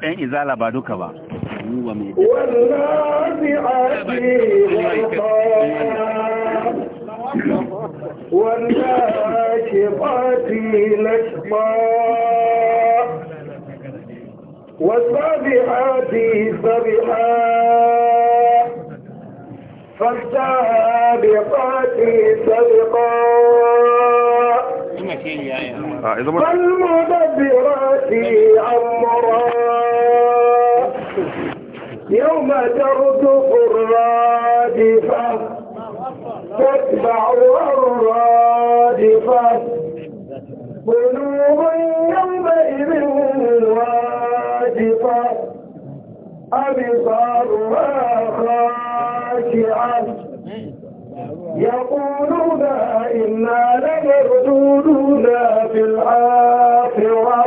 Ƙan iza labaru ka ba, ruwa mai ta. na ba, wanda fi ake fati na ba, fanta fi fati na ba. فالمدبرات أمرا يوم ترتف الرادفة تتبعها الرادفة قلوب يومئذ واجفة أبصارها خاشعة يقولون إنا لا مردودنا في الآخرة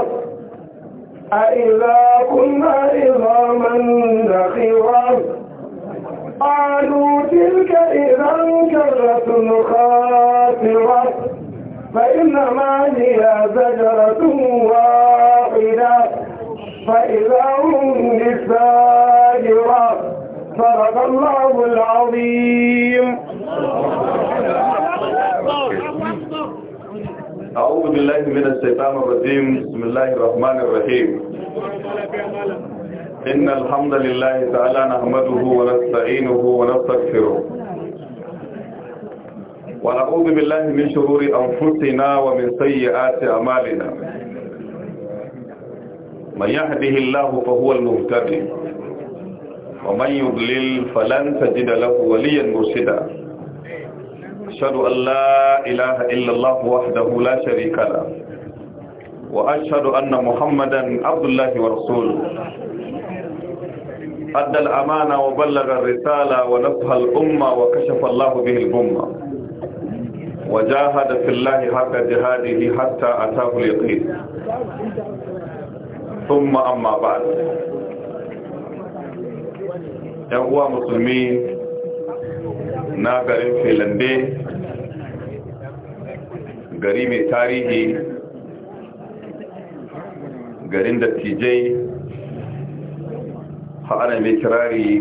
أإذا كنا عظاما نخرة قالوا تلك إذا كرة خاسرة فإنما هي زجرة واحدة فإذا هم للساجرة صدق الله العظيم أعوذ بالله من الشيطان الرجيم بسم الله الرحمن الرحيم إن الحمد لله تعالى نحمده ونستعينه ونستغفره ونعوذ بالله من شرور أنفسنا ومن سيئات أعمالنا من يهده الله فهو المهتدي ومن يضلل فلن تجد له وليا مرشدا أشهد أن لا إله إلا الله وحده لا شريك له وأشهد أن محمدا عبد الله ورسوله أدى الأمانة وبلغ الرسالة ونفها الأمة وكشف الله به الأمة وجاهد في الله حق جهاده حتى أتاه اليقين ثم أما بعد يا مسلمين musulmi na garin filande gari mai tarihi garin dattijai ha'ana mai kirari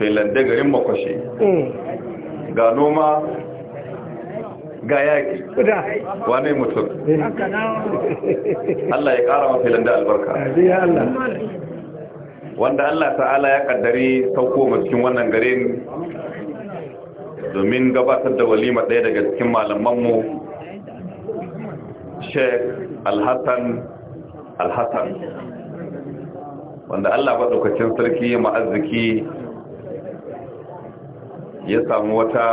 tailande garin makwashe eh. ga noma ga yaƙi wane mutum Allah ya ƙara mafi landa albarka wanda Allah ta'ala ya ƙaddari sauko cikin wannan garin domin gabatar da walima ɗaya daga cikin malamanmu Al-Hassan alhassan alhassan wanda allah maɗaukacin sarki ma'arziki ya samu wata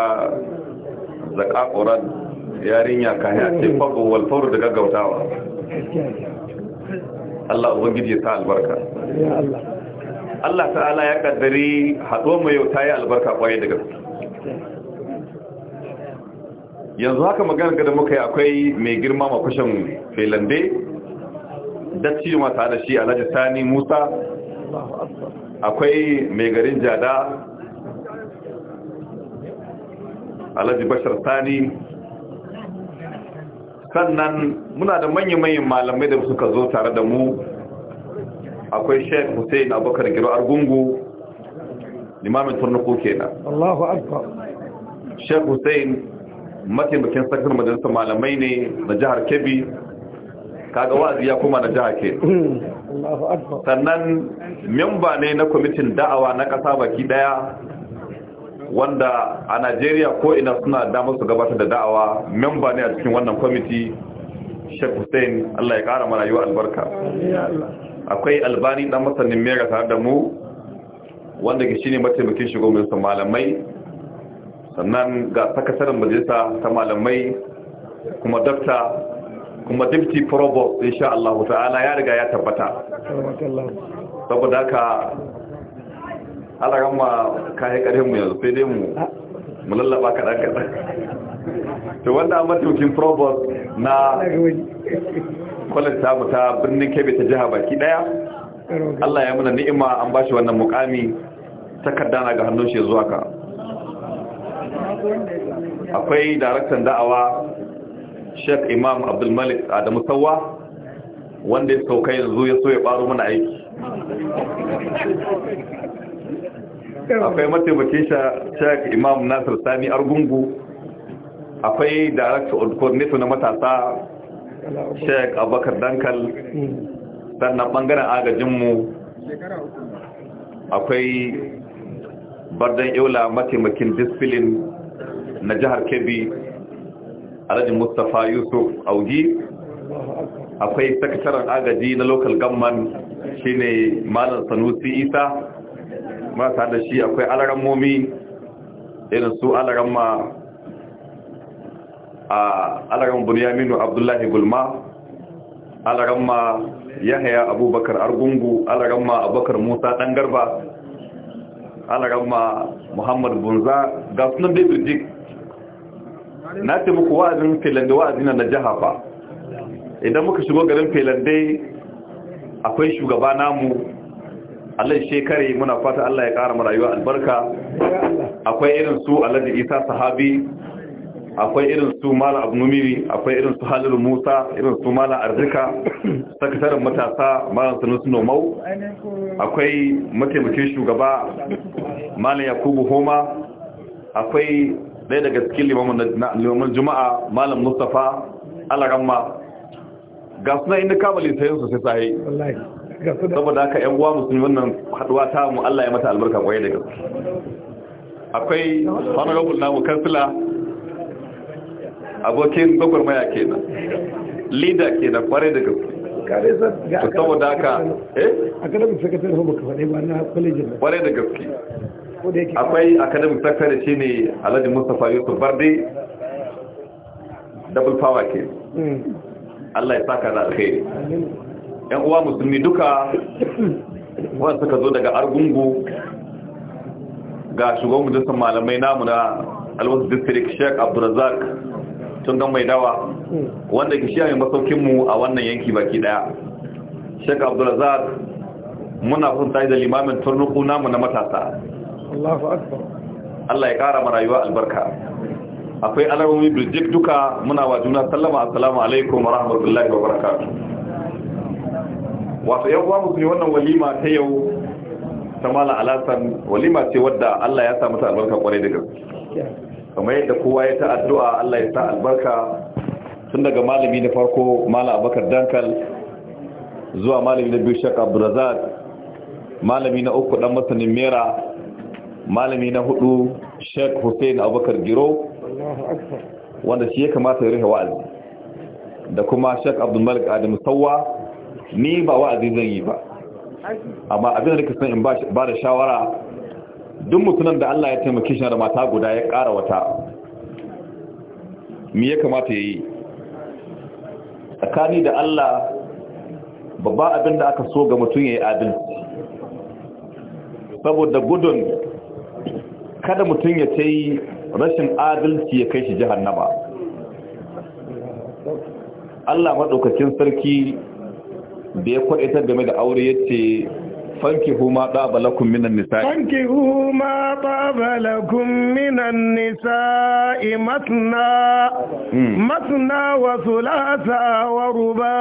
zakakurar yarinya ka haifin fago walfauru da gaggautawa allah ubangiji ya ta albarka allah ta'ala ya kaddari haɗo mai yau ta yi albarka kwaye daga su. yanzu haka magana da muka yi akwai mai girma mafashin felande dattijo mata da shi alhaji sani musa akwai mai garin jada alhaji bashar sani sannan muna da manya-manyan malamai da suka zo tare da mu akwai sheik hussein abokar giro argungu limamin turnuku kenan Allahu akbar sheik hussein mataimakin sakar majalisar malamai ne na jihar kebbi kaga wa'azi ya kuma na jihar ke sannan memba ne na kwamitin da'awa na kasa baki daya wanda a najeriya ko ina suna damar su gabatar da da'awa memba ne a cikin wannan kwamiti shek hussein allah ya kara mana yiwa albarka akwai albani dan masanin mera tare da mu wanda shi ne mataimakin shugaban malamai sannan ga sakataren majalisa ta malamai kuma dakta kuma deputy provost sha Allah ta'ala ya riga ya tabbata saboda haka alaƙamma gama kai karhin mu yanzu sai dai mu mu lallaba kadan to wanda a matukin provost na college ta ta birnin kebe ta jiha baki ɗaya Allah ya muna ni'ima an ba shi wannan mukami takarda ga hannun shi zuwa ka akwai daraktan da'awa sheikh imam abdulmalik adamu sauwa wanda ya sauka yanzu ya so ya baro mana aiki akwai mataimakin sheikh imam nasir sani argungu akwai daraktan coordinator na matasa sheikh Abakar dankal sannan bangaren agajinmu akwai bardan yaula mataimakin disfilin na jihar kebbi alhaji mustapha yusuf auji akwai sakataren agaji na local government shine malam sanusi isa marasa da shi akwai Momi, irin su ma a alaran bunyaminu abdullahi gulma ma yahaya abubakar argungu ma abubakar musa Ɗan garba alarama muhammad bunza ga sunan david dick na ce muku wa'azin felande wa'azina na jiha ba idan muka shigo garin felande akwai shugaba namu allai shekari muna fata allah ya kara marayuwa albarka akwai irin su alhaji isa sahabi akwai irin su mala abnumiri akwai irin su halilu musa irin su mala arzika sakataren matasa malam sanusu nomau akwai mataimakin shugaba malam yakubu homa akwai dai daga cikin limamin juma'a malam mustapha alaramma ga suna inda kama su sai sahi saboda aka yan uwa musulmi wannan haduwa ta mu Allah ya mata albarka kwaye daga akwai honorable namu kansila abokin gwagwarmaya ke nan, kenan ke daga kare sa saboda aka eh academic secretary ko baka ba na college kwarai da gaske akwai academic secretary shi ne alhaji mustapha yusuf barde double power ke hmm. allah ya saka da alkhairi yan uwa musulmi duka wanda suka zo daga argungu ga shugaban majalisar malamai namu na alwasu district sheikh abdulrazak tun don mai dawa hmm. wanda ke shi a masaukinmu a wannan yanki baki daya sheikh abdulrazak muna kun tare da limamin turnuku namu na matasa Allah ya kara mana rayuwa albarka akwai alamomi birjik duka muna wa juna sallama assalamu alaikum wa rahmatullahi wa barakatuh wato yan uwa musulmi wannan walima ta yau ta mala alasan walima ce wadda Allah ya sa mata albarka kwarai da gaske kamar yadda kowa ya ta addu'a Allah ya sa albarka tun daga malami na farko mala abakar dankal zuwa malami na biyu shek abdurazak malami na uku dan masanin mera malami na hudu sheikh hussein abubakar giro wanda shi ya kamata ya rufe wa'azi da kuma sheikh abdulmalik adam sauwa ni ba wa'azi zan yi ba amma abin da nake son in ba da shawara duk mutumin da Allah ya taimaki shi da mata guda ya ƙara wata me ya kamata ya yi tsakani da Allah babba abin da aka so ga mutum ya yi adalci saboda gudun kada mutum ya ta rashin adalci ya kai shi jihannama Allah maɗaukacin sarki da ya kwaɗaitar game da aure ya ce فانكحوا ما طاب لكم من Fanki huma ما طاب لكم من النساء مثنى مثنى وثلاث ruba.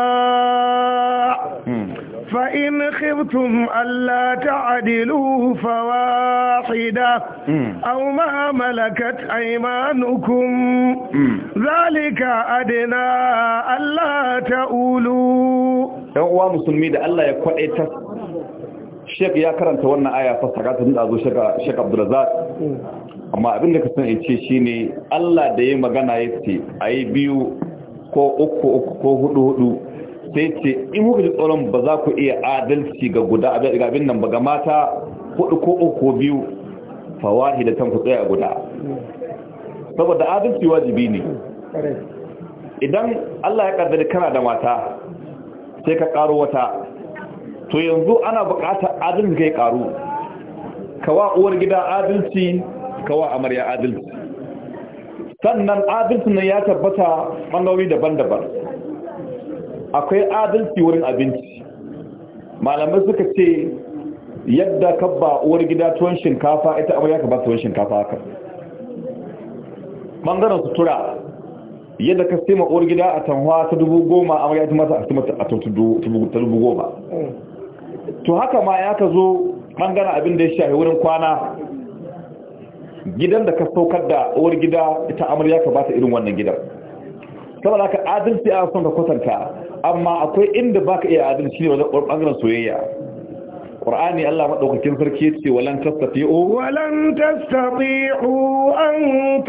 فإن خفتم ألا تعدلوا فواحدة أو ما ملكت أيمانكم ذلك أدنى ألا تقولوا يقوى مسلمي ده الله يقول يكوئت شيك يا كرم تولنا آية فسرقات من أزو شيك عبد الرزاق أما أبن لك سنة san الله shine Allah يتي أي بيو ya ce a yi biyu ko uku uku ko hudu hudu sai ce in kuka ji tsoron ba za ku iya adalci ga guda daga abin nan ba ga mata hudu ko uku biyu fawahi da tanku tsaya guda saboda adalci wajibi ne idan Allah ya kaddari kana da mata sai ka karo wata to yanzu ana bukatar adalci kai karo kawa uwar gida adalci kawa amarya adalci sannan adalci ne ya tabbata bangarori daban-daban akwai adalci wurin abinci malamai suka ce yadda ka ba uwar gida tuwon shinkafa ita amarya ka ba tuwon shinkafa haka ɓangaren sutura yadda ka sema uwar gida a tanwa ta dubu goma amarya ita mata a sema ta dubu goma to haka ma ya ka zo ɓangaren abin da ya shahi wurin kwana gidan da ka saukar da uwar gida ita amarya ka ba ta irin wannan gidan saboda ka adalci a son ka kwatanta amma akwai inda ba ka iya adalci ne wajen ɓangaren soyayya qur'ani Allah madaukakin sarki ya ce walan tasta tastati'u walan tasta tastati'u an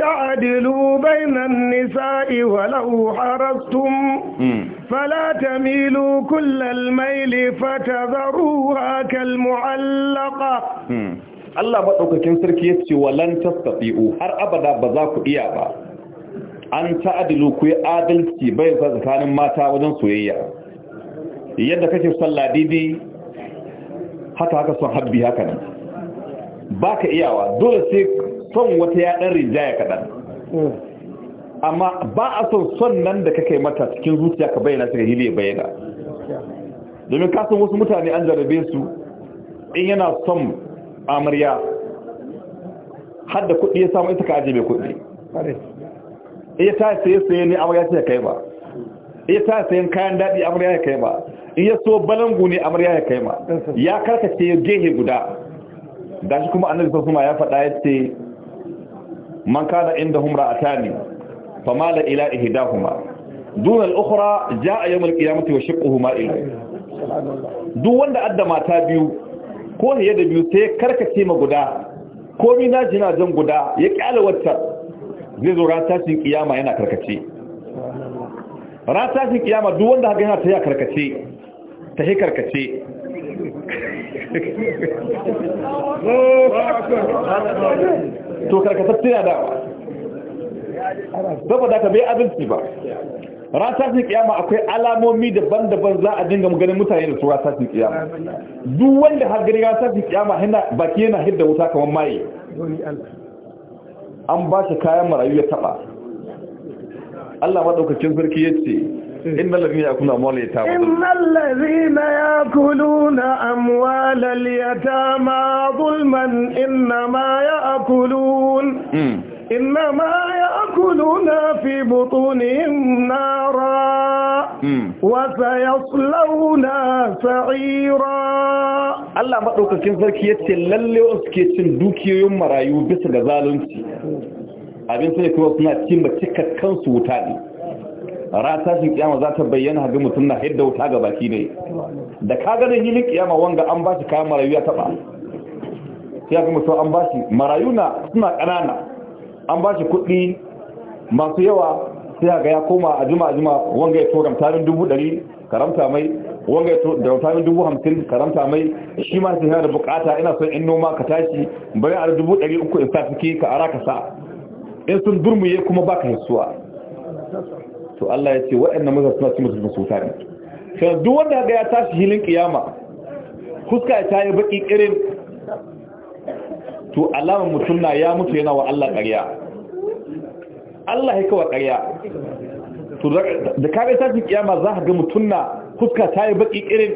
ta'dilu bainan nisa'i walau harastum hmm. fala tamilu kullal mayli fatadharuha kal mu'allaqa hmm. Allah madaukakin sarki ya ce walan tasta tastati'u har abada ba za ku iya ba an ta'adilu ku yi adalci bai sa tsakanin mata wajen soyayya yadda kake sallah daidai haka haka son habbi haka nan ba ka iyawa dole sai son wata ya ɗan rinjaya kaɗan amma ba a son son nan da kake mata cikin zuciya ka bayyana suka hili bayyana domin kasan wasu mutane an jarabe su in yana son amarya har da kuɗi ya samu ita ka ajiye mai kuɗi iya ta saye saye ne amarya ce kai ba iya ta sayen kayan daɗi amarya ya kai ba iya so balangu ne amarya ya kai ba. ya karkace gehe guda gashi kuma annabi sallallahu ya faɗa yace man kana fa ma famala ila ihdahuma dun al-ukhra jaa yawm al-qiyamati wa huma ila duk wanda adda mata biyu ko ne da biyu sai karkace ma guda ko ni na jina jan guda ya kyale wata zai zo ran tashin kiyama yana karkace ran tashin kiyama duk wanda haka yana ta yi karkace ta yi karkace to karkatattu ya dawa saboda ka bai abinci ba ran tashin kiyama akwai alamomi daban-daban za a dinga ganin mutane da su ran tashin kiyama duk wanda har gani ran tashin kiyama baki yana hidda wuta kamar maye an ba shi kayan marayu ya taɓa Allah maɗaukacin sarki ya ce innal ladina yakuluna amwala yatama innal ladina yakuluna amwala yatama zulman ya yakulun hmm. إنما يأكلون في بطونهم نارا وسيصلون سعيرا Allah maɗaukakin sarki ya ce lalle wasu ke cin dukiyoyin marayu bisa ga zalunci abin sai kuma suna cimma ba cikakkan su wuta ne ra tashin kiyama za ta bayyana ga mutum na hidda wuta ga baki ne da ka ganin hilin kiyama wanga an ba shi kayan marayu ya taɓa Ya ga mutum an ba shi marayu na suna ƙanana an ba shi kuɗi masu yawa sai ga ya koma a jima a jima wanga ya to tarin dubu ɗari karamta mai wanga ya to tarin dubu hamsin karamta mai shi ma sai da bukata ina son in noma ka tashi bari a dubu ɗari uku in sa suke ka ara ka sa in sun durmuye kuma ba ka hisuwa to Allah ya ce waɗannan maza suna cin mutum su tare duk wanda ga ya tashi hilin kiyama fuska ta yi baki irin to alamar mutum na ya mutu yana wa Allah ƙarya Allah ya kawo ƙarya to da kare tashin kiyama za ka ga mutum na fuska ta yi baki irin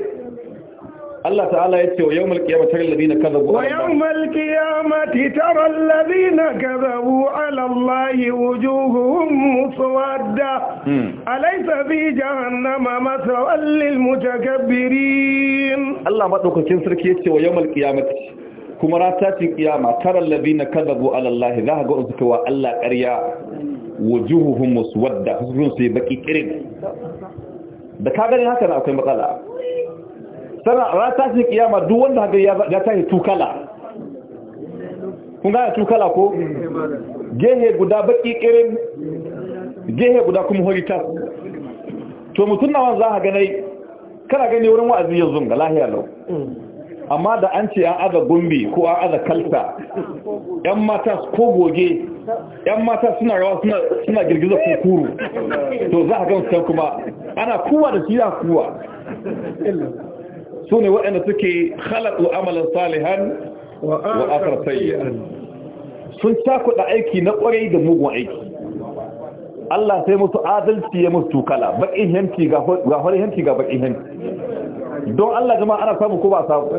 Allah ta'ala ya ce wa yawmal qiyamati taral ladina kadhabu wa yawmal qiyamati taral ladina kadhabu ala Allahi wujuhuhum muswadda hmm. alaysa fi jahannama masawal lil mutakabbirin Allah madaukakin sarki ya ce wa yawmal qiyamati kuma rata cin kiyama taral na kadhabu ala Allah za ga suka wa Allah ƙarya wujuhuhum muswadda husun sai baki kirin da ka gani haka na akwai matsala sana rata cin kiyama duk wanda haka ya tashi tukala kun gaya tukala ko gehe guda baki kirin gehe guda kuma horitas to mutum na wanzu za ka gani kana gani wurin wa'azi yanzu ga lahiya lau amma da an ce an aza gombe ko an aza kalta yan mata ko goge yan mata suna rawa suna girgiza kukuru to za a gamsu kuma ana kuwa da shi za kuwa su ne waɗanda suke halatu amalan salihan wa akar sun cakuɗa aiki na ƙwarai da mugun aiki Allah sai musu adalci ya musu tukala baƙin henti ga hori ga baƙin henti. don Allah jama'a ana samu ko ba samu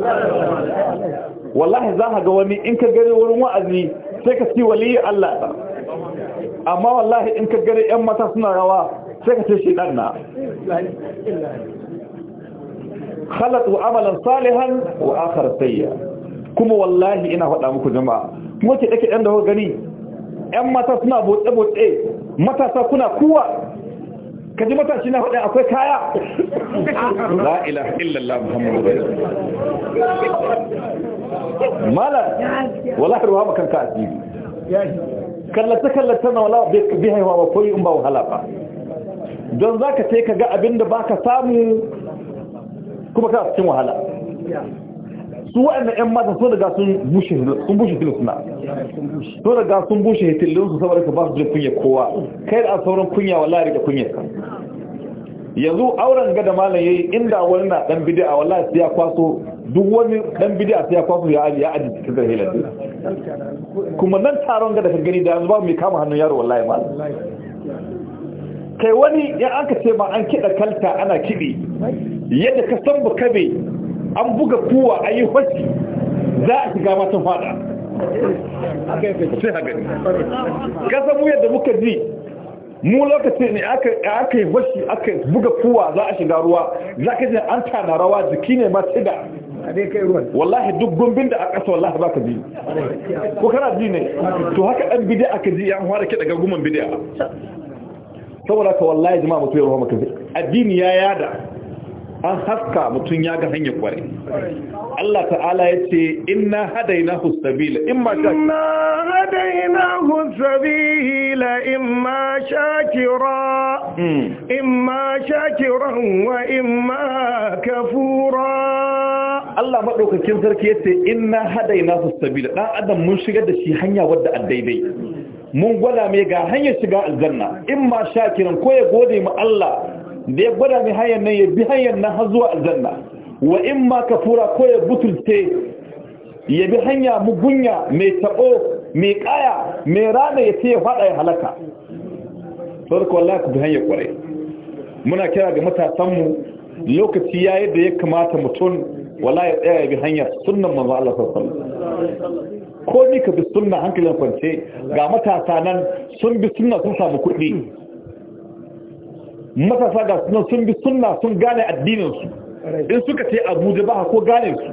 wallahi za ka ga wani in ka gare wurin wa'azi sai ka ci waliyi Allah amma wallahi in ka gare yan mata suna rawa sai ka ce shi dan na khalatu amalan salihan wa akhar sayya kuma wallahi ina faɗa muku jama'a Kuma ke dake dan da gani Ƴan mata suna botse botse matasa kuna kuwa ka ji matashi na faɗi akwai kaya la ilaha illallah muhammadu rasulullah mala wallahi ruwa makan ka asiri kallata kallata na wala bai haihuwa ba koyi in ba wahala ba don za ka ce ka ga abinda ba ka samu kuma ka cikin wahala su waɗanda ƴan mata su daga sun bushe sun bushe suna so daga sun bushe hitillin su saboda ka ba su jin kunya kowa kai da sauran kunya lari da kunya yanzu auren ga da malam inda wani na dan a wallahi su ya kwaso duk wani dan a su ya kwaso ya aji ya aji cikin zahilan kuma nan taron ga da gani da yanzu ba mai kama hannun yaro wallahi malam kai wani ya ka ce ma an kiɗa kalta ana kiɗi yadda ka san ba kabe an buga kuwa a yi fashi za a shiga matan fada kasa mu yadda muka ji mu lokacin ne aka yi fashi aka buga kuwa za a shiga ruwa za ka ji an tana rawa jiki ne masu tsida wallahi duk gumbin da a ƙasa wallahi ba ka ji ko kana ji ne to haka ɗan bidiya aka ji yan hwara ke daga guman bidiya saboda ka wallahi jima mutu ya ruwa maka addini ya yada an haska mutum ya ga hanyar kware Allah ta'ala ya ce inna hadaina husabila imma shakira hmm. inna hadaina husabila imma shakira imma shakiran wa imma kafura Allah madaukakin sarki ya ce inna hadaina husabila dan adam mun shigar da shi hanya wadda addaidai mun gwada mai ga hanyar shiga aljanna imma shakiran ko ya gode mu Allah da ya gwada mai hanyar nan ya bi hanyar nan har zuwa aljanna wa in ma kafura ko ya butulce ya bi hanya mugunya mai taɓo mai ƙaya mai rana ya ce ya fada ya halaka sarki wallahi ku bi hanyar kwarai muna kira ga matasanmu lokaci ya yi da ya kamata mutum wala ya tsaya bi hanyar sunan manzo Allah sallallahu ko ni ka bi sunna hankalin kwance ga matasa nan sun bi sunna sun samu kuɗi matasa ga sunan sun bi sunna sun gane addininsu in suka ce abuja ba ko gane su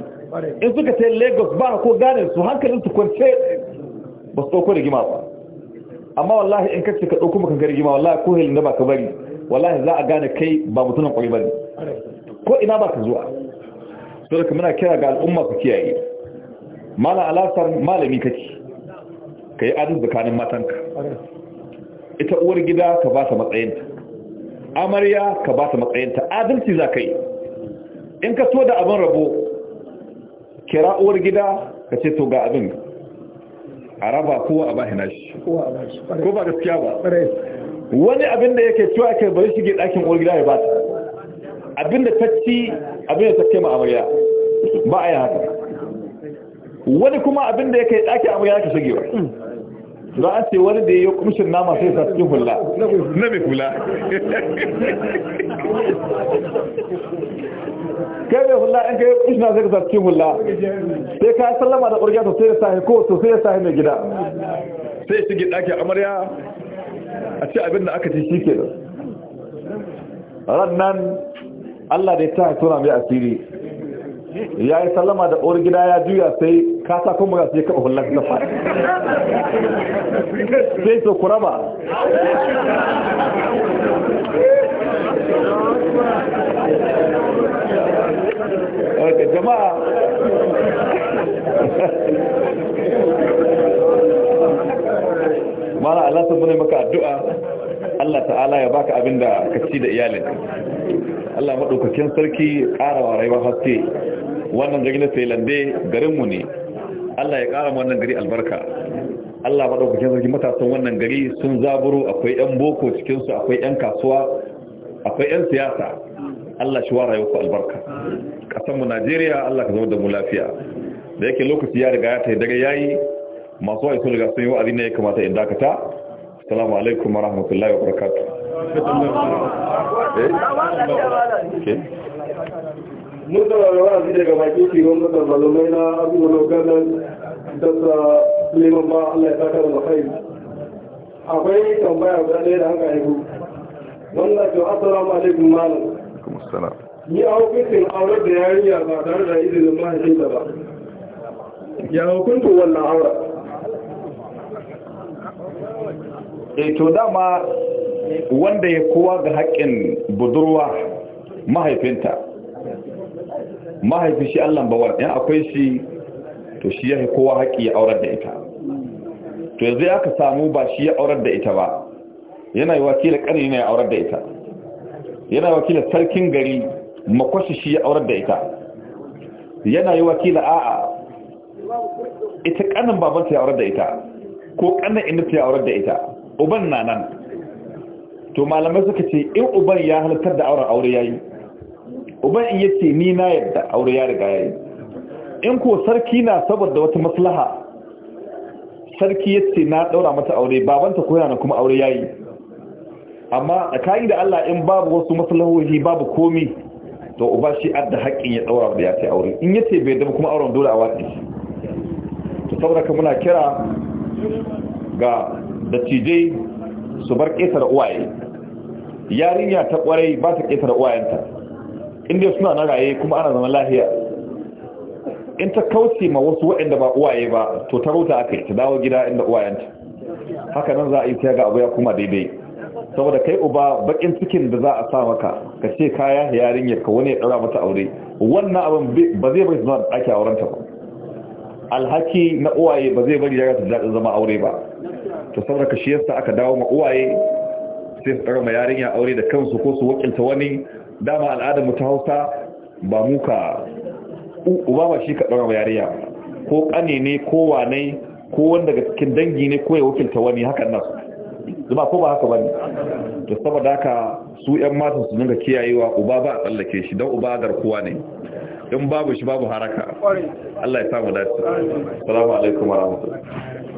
in suka ce lagos ba ko gane su hankalinsu kwance ba su ɗauko gima ba amma wallahi in kace ka ɗauko maka gari gima, wallahi ko helin da ba ka bari wallahi za a gane kai ba mutunan ƙwai bane ko ina ba ka zuwa to da muna kira ga al'umma ku kiyaye mala alasar malami kake ka yi adin tsakanin matanka ita uwar gida ka ba ta matsayinta amarya ka ba ta matsayinta adalci za ka yi in ka so da abin rabo kira uwar gida ka ce to ga abin a raba kowa a bahina shi ko ba gaskiya ba wani abin da yake cewa ke bari shige ɗakin uwar gida ya ba ta abin da ta abin da ta ma amarya ba a yi haka wani kuma abin da yake ɗakin amarya ka shige ba mm. don a ce wani da ya yi kumshin nama sai sa cikin hula na mai hula kai mai hula in ka yi kumshin nama sai ka sa cikin hula sai ka sallama da ƙwarya sosai da sahi ko sosai da sahi mai gida sai shi ɗakin amarya a ce abin da aka ci shi ke da ran nan Allah da ya ta tona mai asiri ya yi sallama da uwar gida ya juya sai kasa kuma ga sai kaba hullar zafa sai to kuraba jama'a mana Allah sun maka addu'a Allah ta'ala ya baka abin da ka ci da iyalin Allah maɗaukakin sarki ƙarawa rayuwa haske wannan gari na tailande garinmu ne Allah ya ƙara wannan gari albarka Allah maɗaukakin sarki matasan wannan gari sun zaburo akwai 'yan boko cikinsu akwai 'yan kasuwa akwai 'yan siyasa Allah shi wa rayuwa albarka ƙasanmu Najeriya Allah ka zama da mu lafiya da yake lokaci ya riga ya ta dare yayi masu wa'azi riga sun yi wa'azi ne ya kamata in dakata assalamu alaikum wa rahmatullahi wa barakatu. Eh? mun da na akwai tambaya guda da haka haihu alaikum malam ni a hukuncin aure da yarinya ba tare da izinin mahaifinta ba ya hukuntun wannan aure Eh, to dama wanda ya kowa ga haƙƙin budurwa mahaifinta mahaifin shi Allah bawar yan akwai shi to shi ya kowa haƙƙi ya aurar da ita to yanzu ya ka samu ba shi ya aurar da ita ba yana yi wakila ƙani yana ya aurar da ita yana yi wakila sarkin gari makwashi shi ya aurar da ita yana yi wakila a'a ita ƙanin babanta ya aurar da ita ko ƙanin inda ta ya aurar da ita uban na nan to malamai suka ce in uban ya halittar da auren aure yayi uban in yace ni na yadda aure ya riga yayi in ko sarki na saboda wata maslaha sarki yace na daura mata aure babanta ko yana kuma aure yayi amma kai da Allah in babu wasu maslahohi babu komi to uba shi adda haƙƙin ya daura da ya ce aure in yace bai da kuma auren dole a wace to saboda kuma muna kira ga da cijai su bar ƙetare uwaye yarinya ta ƙwarai ba ta ƙetare uwayenta inda suna na raye kuma ana zama lahiya in ta kauce ma wasu waɗanda ba uwaye ba to ta rota aka yi ta dawo gida inda uwayenta haka nan za a yi ta ga abu ya kuma daidai saboda kai uba bakin cikin da za a sa maka ka ce kaya yarinya ka wani ya ɗaura mata aure wannan abin ba zai bari zama ake ta ba alhaki na uwaye ba zai bari ya ta zama aure ba to saboda shi yasa aka dawo ma uwaye sai su ɗara ma yarinya aure da kansu ko su wakilta wani dama al'adar mu ta Hausa ba mu ka uba ba shi ka ɗara ma yarinya ko ƙane ne ko wane ko wanda daga cikin dangi ne ko ya wakilta wani hakan nan zuma ko ba haka ba ne? to saboda haka su ƴan matan su dinga kiyayewa uba ba a tsallake shi dan uba garkuwa ne in babu shi babu haraka Allah ya samu dace assalamu alaikum wa rahmatullahi